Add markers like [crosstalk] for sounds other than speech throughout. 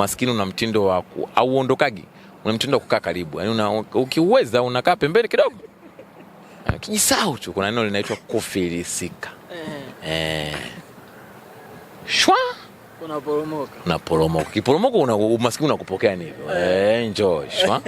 umaskini una mtindo wa auondokagi, una mtindo wa kukaa karibu, yani una, ukiweza unakaa pembeni kidogo eh, kijisau tu. Kuna neno linaitwa kufilisika eh. eh. Shwa unaporomoka, unaporomoka, kiporomoka, una umaskini unakupokea nini? eh, eh njoo shwa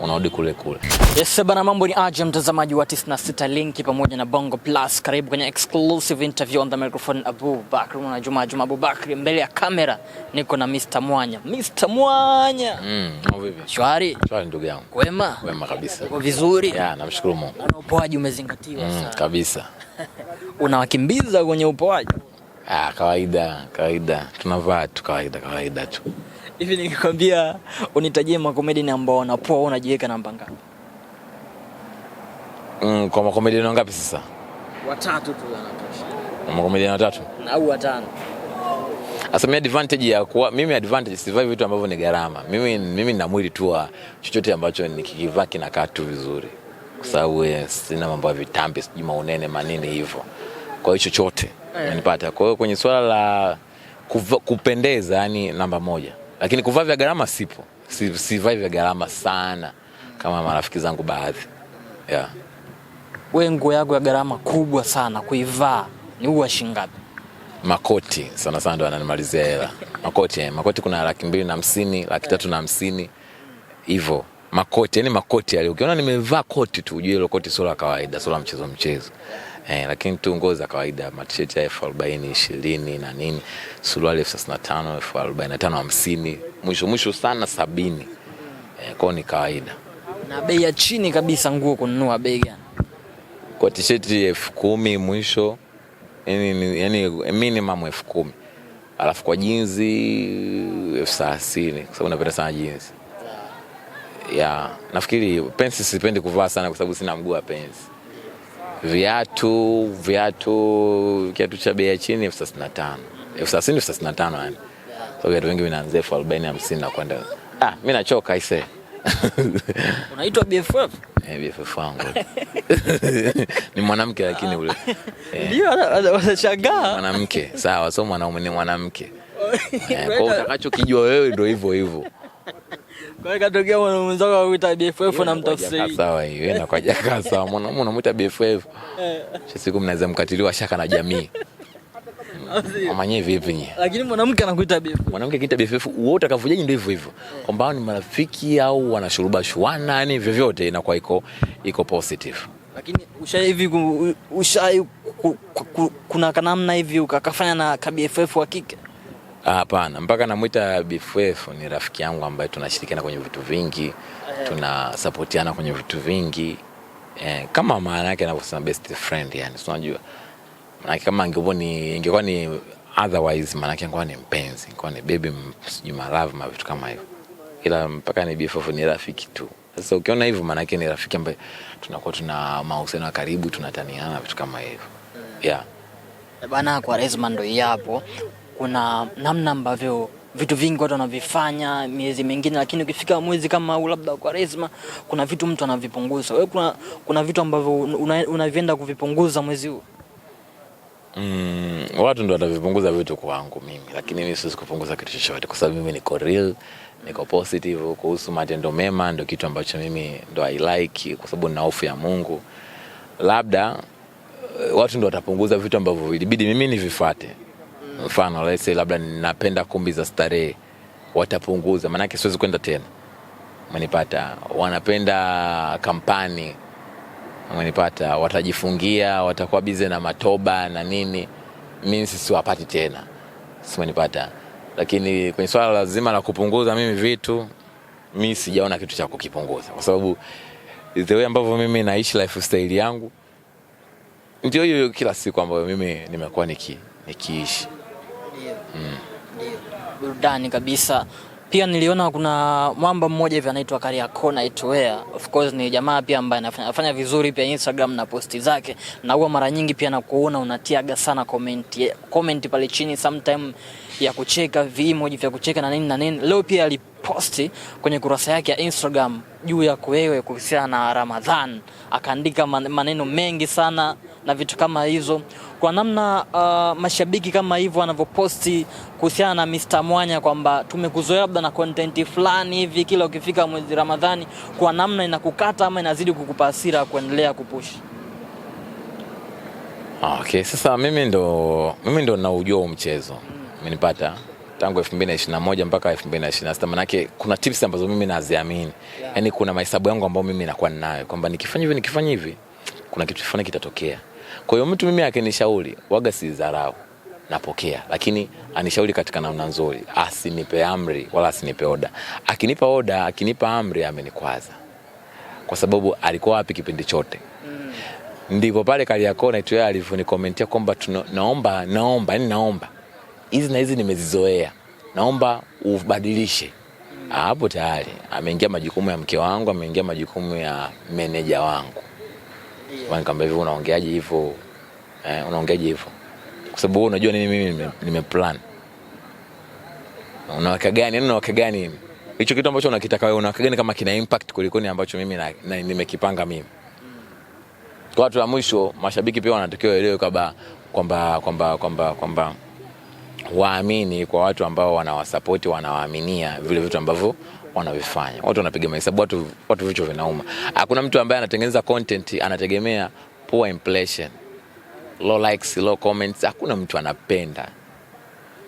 unarudi kule kule. Yes, bana mambo ni aje mtazamaji wa 96 Linki pamoja na Bongo Plus. Karibu kwenye exclusive interview on the microphone Abu Bakr na Juma Juma Abu Bakr mbele ya kamera niko na Mr. Mwanya. Mr. Mwanya. Mm, au vipi? Shwari. Shwari ndugu yangu. Kwema? Kwema kabisa. Uko vizuri? Yeah, namshukuru Mungu. Na upoaji umezingatiwa mm, sana. Kabisa. [laughs] Unawakimbiza kwenye upoaji? Ah, kawaida, kawaida. Tunavaa tu kawaida, kawaida tu. Hivi nikikwambia unitajie makomedian ambao wanapoa, unajiweka namba ngapi? Mm, kwa makomedian wangapi sasa? Watatu tu wanatosha. Makomedian watatu? Au watano. Asa mimi advantage ya kuwa mimi advantage sivai vitu ambavyo ni gharama. Mimi mimi nina mwili tu chochote ambacho nikikivaa kinakaa tu vizuri. Kwa sababu eh, sina mambo ya vitambi, sijui maunene manini hivyo. Kwa hiyo chochote. Eh. Unanipata. Kwa hiyo kwenye swala la kupendeza yani namba moja lakini kuvaa vya gharama sipo, sivai vya gharama sana kama marafiki zangu baadhi yeah. We, nguo yako ya gharama kubwa sana kuivaa ni huwa shingapi? Makoti sana sana ndo ananimalizia hela makoti eh. Makoti kuna laki mbili na hamsini laki tatu na hamsini hivyo makoti, yani makoti yale, ukiona nimevaa koti tu ujue ile koti sio la kawaida, sio la mchezo mchezo eh, lakini tu nguo za kawaida matisheti ya elfu arobaini ishirini na nini, suruali elfu thelathini na tano elfu arobaini na tano hamsini mwisho mwisho sana sabini eh, kwao ni kawaida. Na bei ya chini kabisa nguo kununua bei gani? Kwa tisheti elfu kumi mwisho, yani, yani minimum elfu kumi alafu kwa jinzi elfu thelathini kwa sababu napenda sana jinzi ya yeah. Nafikiri pensi sipendi kuvaa sana kwa sababu sina mguu wa pensi viatu viatu kiatu cha bei ya chini elfu thelathini na tano elfu thelathini elfu thelathini na tano yani so viatu vingi vinaanzia elfu arobaini hamsini na kwenda. Ah, mi nachoka ise [laughs] Unaitwa BFF? BFF eh, wangu [laughs] ni mwanamke lakini ule [laughs] eh. ndio wanashangaa mwanamke sawa, so mwanaume ni mwanamke eh, kwa utakachokijua wewe ndio hivyo hivyo katokea mwenzako akuita BFF na mtafsiri sawa, hiyo sawa. BFF, eh. siku mnaweza mkatiliwa shaka na jamii amanye vipi nye. Lakini mwanamke anakuita BFF, mwanamke BFF, wote akavujaji ndio hivyo hivyo, eh. kwamba ni marafiki au wanashuruba shuana, yani vyovyote inakuwa iko iko positive. Lakini usha hivi usha kuna kanamna hivi ukakafanya na BFF wa kike Ah, hapana, mpaka namwita BFF ni rafiki yangu ambaye tunashirikiana kwenye vitu vingi, tunasapotiana kwenye vitu vingi eh, kama maana yake anavyosema best friend, yani si unajua maana kama angekuwa ni ingekuwa ni otherwise, maana yake ni mpenzi, ingekuwa ni baby, sijui my ma vitu kama hivyo, ila mpaka ni BFF ni rafiki tu. Sasa ukiona hivyo, maana yake ni rafiki ambaye tunakuwa tuna mahusiano ya karibu, tunataniana vitu kama hivyo mm. yeah. Eh, bana, kwa Rezman ndo hapo kuna namna ambavyo vitu vingi watu wanavifanya miezi mingine, lakini ukifika mwezi kama huu labda resma, kuna vitu mtu anavipunguza. Wewe kuna, kuna vitu ambavyo unavienda una kuvipunguza mwezi huu? Mm, watu ndio watavipunguza vitu kwangu mimi, lakini mimi siwezi kupunguza kitu chochote kwa sababu mimi niko real, niko positive kuhusu matendo mema, ndio kitu ambacho mimi ndo I like kwa sababu nina hofu ya Mungu. Labda eh, watu ndio watapunguza vitu ambavyo ilibidi mimi nivifuate mfano let's say labda ninapenda kumbi za starehe, watapunguza, maanake siwezi kwenda tena, umenipata. Wanapenda kampani, umenipata, watajifungia, watakuwa bize na matoba na nini, mimi sisiwapati tena, simenipata. Lakini kwenye swala lazima la kupunguza mimi vitu, mi sijaona kitu cha kukipunguza, kwa sababu the way ambavyo mimi naishi lifestyle yangu ndio hiyo kila siku ambayo mimi nimekuwa niki, nikiishi burudani kabisa. Pia niliona kuna mwamba mmoja hivi anaitwa Kariakoo Nightwear. Of course ni jamaa pia ambaye anafanya vizuri pia Instagram na posti zake, na huwa mara nyingi pia nakuona unatiaga sana comment comment pale chini sometime ya kucheka, vimoji vya kucheka na nini na nini. Leo pia aliposti kwenye kurasa yake ya Instagram juu ya kuwewe kuhusiana na Ramadhan, akaandika maneno mengi sana na vitu kama hizo, kwa namna uh, mashabiki kama hivyo wanavyoposti kuhusiana na Mr Mwanya kwamba tumekuzoea labda na content fulani hivi, kila ukifika mwezi Ramadhani kwa namna inakukata ama inazidi kukupa hasira kuendelea kupush. Ah, okay, sasa mimi ndo mimi ndo naujua mchezo mm. umenipata tangu 2021 mpaka 2026. Manake kuna tips ambazo mimi naziamini, yeah. Yani kuna mahesabu yangu ambayo mimi nakuwa ninayo kwamba nikifanya hivi nikifanya hivi kuna kitu fulani kitatokea. Kwa hiyo mtu mimi akinishauri waga si dharau, napokea, lakini anishauri katika namna nzuri, asinipe amri wala asinipe oda. Akinipa oda, akinipa amri, amenikwaza kwa sababu alikuwa wapi kipindi chote? Mm. Ndipo pale Kariakoo na Itwea alivyonikomentia kwamba naomba naomba, yani naomba hizi na hizi nimezizoea, naomba ubadilishe. Hapo tayari ameingia majukumu ya mke wangu, ameingia majukumu ya meneja wangu. Nikamwambia hivyo, unaongeaje hivyo eh, unaongeaje hivyo? Kwa sababu wewe unajua nini, mimi nimeplan unawaka gani, yaani unawaka gani hicho kitu ambacho unakitaka wewe, unawaka gani kama kina impact kuliko ni ambacho mimi nimekipanga mimi. Kwa watu wa mwisho, mashabiki pia wanatokea waelewe kwamba kwamba kwamba kwamba kwamba kwa waamini kwa watu ambao wanawasapoti, wanawaaminia vile vitu ambavyo wanavifanya. Watu wanapiga mahesabu, watu watu vichwa vinauma. Hakuna mtu ambaye anatengeneza content anategemea poor impression, low likes, low comments. Hakuna mtu anapenda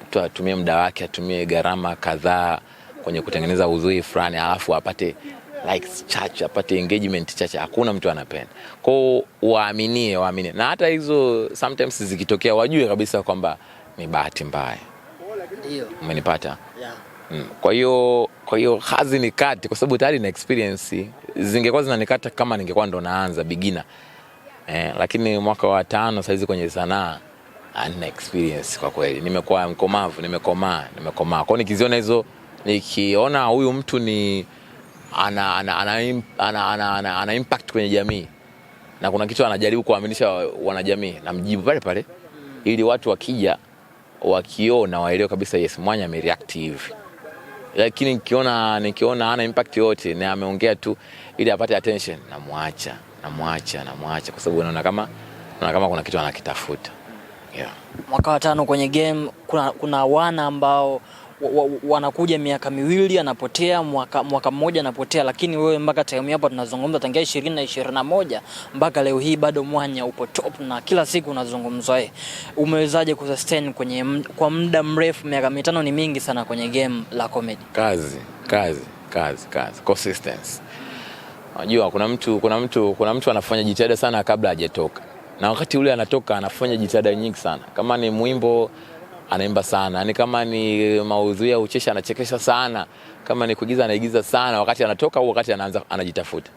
mtu atumie muda wake, atumie gharama kadhaa kwenye kutengeneza uzuri fulani, alafu apate likes chache, apate engagement chache. Hakuna mtu anapenda kwao. Waaminie, waaminie, na hata hizo sometimes zikitokea, wajue kabisa kwamba ni bahati mbaya. Umenipata? Yeah. Mm. Kwa hiyo kwa hiyo hazi ni kati kwa sababu tayari na experience zingekuwa zinanikata kama ningekuwa ndo naanza beginner. Eh, lakini mwaka wa tano saizi kwenye sanaa ana experience kwa kweli. Nimekuwa mkomavu, nimekomaa, nimekomaa. Kwa nikiziona hizo nikiona huyu mtu ni ana ana ana, ana, ana, ana, ana, impact kwenye jamii na kuna kitu anajaribu kuaminisha wanajamii, namjibu pale pale ili watu wakija wakiona waelewe kabisa yes, mwanya amereact hivi. Lakini nikiona nikiona ana impact yote na ameongea tu ili apate attention, namwacha namwacha namwacha, kwa sababu naona kama naona kama kuna kitu anakitafuta yeah. Mwaka wa tano kwenye game kuna, kuna wana ambao wanakuja miaka miwili anapotea mwaka, mwaka mmoja anapotea, lakini wewe mpaka time hapa tunazungumza tangia ishirini na ishirini na moja mpaka leo hii bado mwanya upo top na kila siku unazungumzwa. E, umewezaje kusustain kwenye kwa muda mrefu? Miaka mitano ni mingi sana kwenye game la comedy. Kazi, kazi, kazi, kazi, consistency. Unajua kuna mtu, kuna mtu, kuna mtu anafanya jitihada sana kabla hajatoka, na wakati ule anatoka anafanya jitihada nyingi sana, kama ni mwimbo anaimba sana, Yaani kama ni maudhui ya ucheshi anachekesha sana, kama ni kuigiza anaigiza sana, wakati anatoka au wakati anaanza anajitafuta,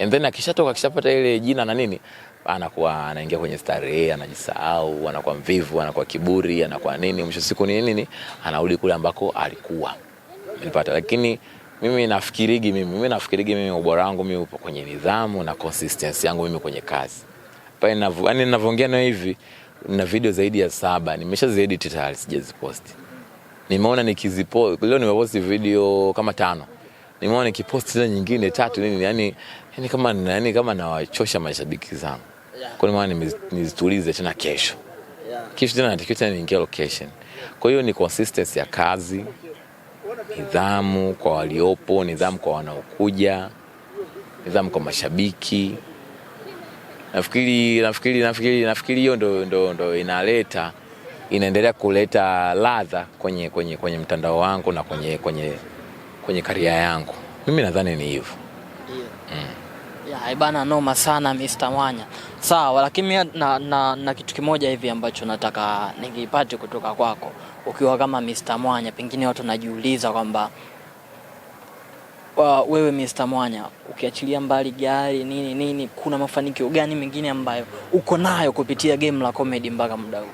and then akishatoka akishapata ile jina na nini, anakuwa anaingia kwenye starehe, anajisahau, anakuwa mvivu, anakuwa kiburi, anakuwa nini, mwisho siku ni nini, anarudi kule ambako alikuwa nilipata. Lakini mimi nafikirigi mimi mimi nafikirigi mimi ubora wangu mimi upo kwenye nidhamu na consistency yangu mimi kwenye kazi pale ninavyo, yani ninavyoongea na hivi na video zaidi ya saba nimesha ziedit tayari, sijaziposti. Nimeona nikiziposti leo, nimeposti video kama tano, nimeona nikiposti tena nyingine tatu nini, yani yani kama yani kama nawachosha mashabiki zangu, kwa maana nimezitulize tena kesho kesho tena natakiwa tena niingie location. Kwa hiyo ni consistency ya kazi, nidhamu kwa waliopo, nidhamu kwa wanaokuja, nidhamu kwa mashabiki. Nafikiri nafikiri nafikiri nafikiri hiyo ndo, ndo, ndo inaleta inaendelea kuleta ladha kwenye, kwenye, kwenye mtandao wangu na kwenye, kwenye, kwenye karia yangu. Mimi nadhani ni hivyo yeah. Mm. Bana noma sana Mr. Mwanya, sawa, lakini mimi na, na, na kitu kimoja hivi ambacho nataka nikipate kutoka kwako ukiwa kama Mr. Mwanya, pengine watu najiuliza kwamba uh, wewe Mr. Mwanya ukiachilia mbali gari nini nini, kuna mafanikio gani mengine ambayo uko nayo kupitia game la comedy mpaka muda huu?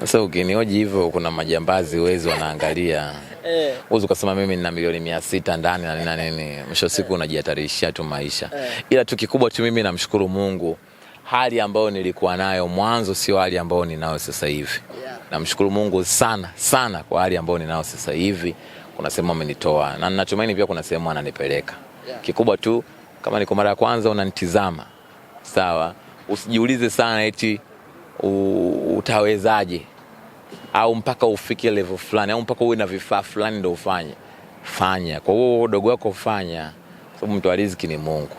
Sasa ukinioji hivyo, kuna majambazi wezi wanaangalia [laughs] Eh. ukasema mimi nina milioni mia sita ndani na nina nini, mwisho siku eh. unajihatarishia tu maisha eh. Ila tu kikubwa tu mimi namshukuru Mungu, hali ambayo nilikuwa nayo mwanzo sio hali ambayo ninayo sasa hivi yeah. Namshukuru Mungu sana sana kwa hali ambayo ninayo sasa hivi kuna sehemu amenitoa na ninachomaini pia kuna sehemu ananipeleka. Kikubwa tu kama niko mara ya kwanza unanitizama, sawa, usijiulize sana eti utawezaje au mpaka ufike level fulani au mpaka uwe na vifaa fulani ndio ufanye. Fanya kwa huo udogo wako, fanya kwa sababu mtoa riziki ni Mungu.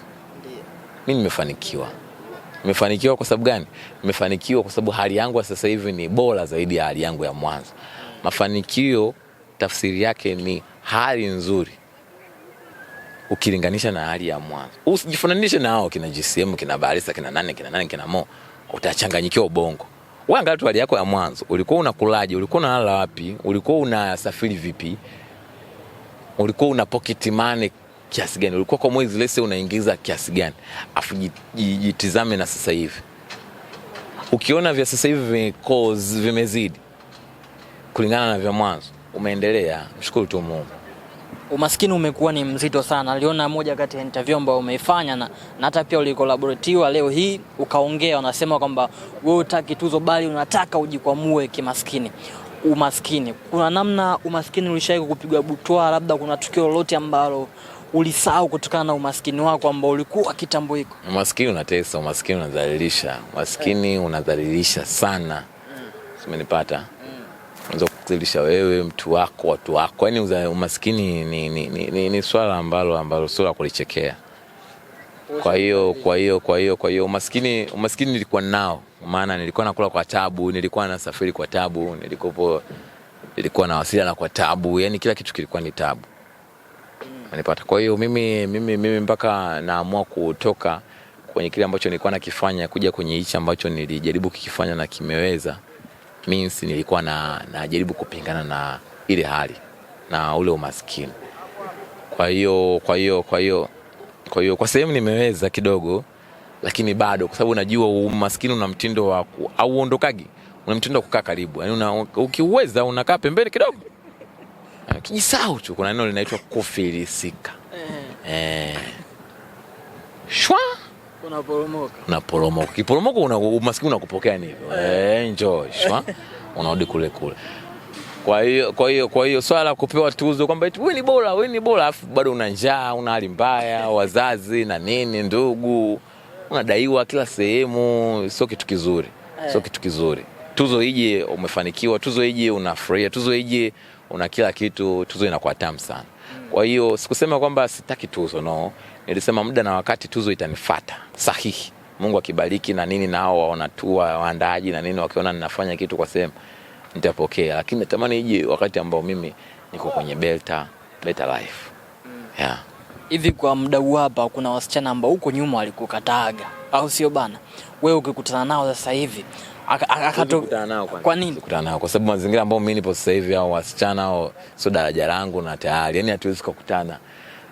Mimi nimefanikiwa. Nimefanikiwa kwa sababu gani? Nimefanikiwa kwa sababu hali yangu ya sasa hivi ni bora zaidi ya hali yangu ya mwanzo. Mm. Mafanikio tafsiri yake ni hali nzuri ukilinganisha na hali ya mwanzo. Usijifananishe na hao kina GCM, kina Barisa kina nane, kina nane, kina Mo, utachanganyikiwa ubongo. Wewe angalia tu hali yako ya mwanzo, ulikuwa unakulaje? Ulikuwa unalala wapi? Ulikuwa unasafiri vipi? Ulikuwa una pocket money kiasi gani? Ulikuwa kwa mwezi lese unaingiza kiasi gani? Afu jitizame na sasa hivi, ukiona vya sasa hivi vimekoz vimezidi kulingana na vya mwanzo umeendelea, mshukuru tu Mungu. Umaskini umekuwa ni mzito sana, aliona moja kati ya interview ambayo umeifanya na hata pia ulikolaboratiwa leo hii ukaongea, unasema kwamba wewe utaki tuzo, bali unataka ujikwamue kimaskini umaskini. Kuna namna umaskini ulishawahi kukupiga butwa, labda kuna tukio lolote ambalo ulisahau kutokana na umaskini wako ambao ulikuwa kitambo hiko? Umaskini unatesa, umaskini unadhalilisha, umaskini unadhalilisha sana, mm. simenipata unaweza kukuzilisha wewe, mtu wako, watu wako. yani umaskini ni, ni, ni, ni, ni swala ambalo ambalo sio la kulichekea. Kwa hiyo kwa hiyo kwa hiyo kwa hiyo umaskini umaskini nilikuwa nao, maana nilikuwa nakula kwa tabu, nilikuwa nasafiri kwa tabu, nilikopo nilikuwa nawasiliana kwa tabu, yani kila kitu kilikuwa ni tabu. Unanipata? Kwa hiyo mimi mimi mimi mpaka naamua kutoka kwenye kile ambacho nilikuwa nakifanya kuja kwenye hichi ambacho nilijaribu kukifanya na kimeweza means nilikuwa na najaribu kupingana na ile hali na ule umaskini. Kwa hiyo kwa hiyo kwa hiyo kwa hiyo kwa sehemu nimeweza kidogo, lakini bado kwa sababu najua umaskini una mtindo wa auondokagi, una mtindo wa kukaa karibu, yani una, ukiweza unakaa pembeni kidogo kijisahau tu. Kuna neno linaitwa kufilisika eh. eh, shwa kiporomoko, una umaskini unakupokea ni hivyo eh, enjoy eh, shwa unarudi kule kule. Kwa hiyo kwa hiyo kwa hiyo swala la kupewa tuzo kwamba eti wewe ni bora, wewe ni bora, afu bado una njaa, una hali mbaya, wazazi na nini, ndugu, unadaiwa kila sehemu, sio kitu kizuri, sio eh. kitu kizuri. Tuzo ije umefanikiwa, tuzo ije unafurahia, tuzo ije una kila kitu, tuzo inakuwa tamu sana. Mm. Kwa hiyo sikusema kwamba sitaki tuzo, no nilisema muda na wakati tuzo itanifata sahihi. Mungu akibariki na nini, nao waona tu waandaaji na nini, wakiona ninafanya kitu kwa sehemu nitapokea, lakini natamani ije wakati ambao mimi niko kwenye belta better life yeah. Hivi kwa muda huu hapa kuna wasichana ambao huko nyuma walikukataaga, au sio bana? Wewe ukikutana nao sasa hivi akakutana nao kwa nini kukutana nao? Kwa sababu mazingira ambayo mimi nipo sasa hivi, au wasichana au sio daraja langu na tayari, yani hatuwezi kukutana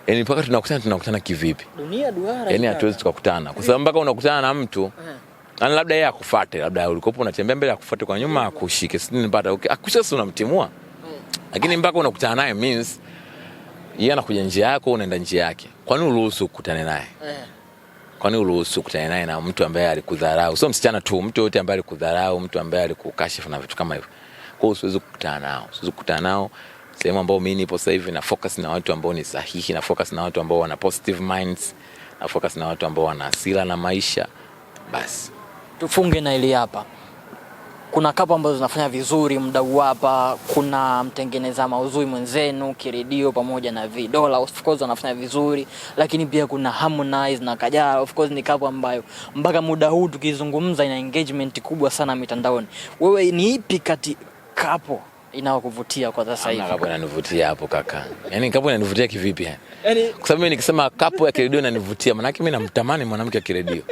Yaani eh, mpaka tunakutana tunakutana kivipi? Dunia duara. Yaani hatuwezi tukakutana kwa sababu mpaka unakutana na mtu eh. ana yaani labda yeye akufuate, labda ulikopo unatembea mbele akufuate kwa nyuma akushike, si nipata okay, akusha sio unamtimua, eh. lakini mpaka unakutana naye means yeye anakuja njia yako, unaenda njia yake. Kwa nini uruhusu kukutana naye? Kwa nini uruhusu kukutana naye na mtu ambaye alikudharau? Sio msichana tu, mtu yote ambaye alikudharau, mtu ambaye alikukashifu na vitu kama hivyo. Kwa hiyo usiwezi kukutana nao, usiwezi kukutana nao sehemu ambao mimi nipo sasa hivi na focus na watu ambao ni sahihi, na focus na watu ambao wana positive minds, na focus na watu ambao wana asila na maisha. Basi tufunge na ili hapa kuna kapu ambazo zinafanya vizuri mdau hapa, kuna mtengeneza mauzui mwenzenu Kiredio pamoja na Vidola, of course wanafanya vizuri, lakini pia kuna Harmonize na Kajala. Of course ni kapu ambayo mpaka muda huu tukizungumza ina engagement kubwa sana mitandaoni. Wewe ni ipi kati kapo inayokuvutia kwa sasa hivi? Kapu inanivutia hapo kaka. Yaani kapu inanivutia kivipi yani? Eh? Yaani kwa sababu mimi nikisema kapu ya kiredio inanivutia, maana yake mimi namtamani mwanamke wa kiredio.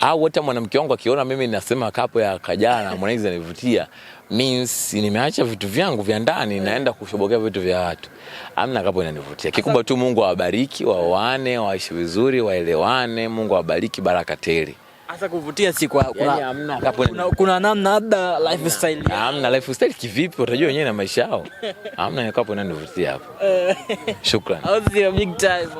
Au hata mwanamke wangu akiona mimi nasema kapu ya kajana Harmonize inanivutia, means nimeacha vitu vyangu vya ndani naenda kushobokea vitu vya watu. Amna kapu inanivutia. Kikubwa tu Mungu awabariki, waoane, waishi vizuri, waelewane, Mungu awabariki baraka tele. Hasa kuvutia si kwa yaani kuna, yani kuna, kuna namna labda lifestyle. Amna lifestyle kivipi? Utajua wenyewe na maisha yao. Hamna nikapo nani nivutia hapo. Eh. Shukrani. Big time.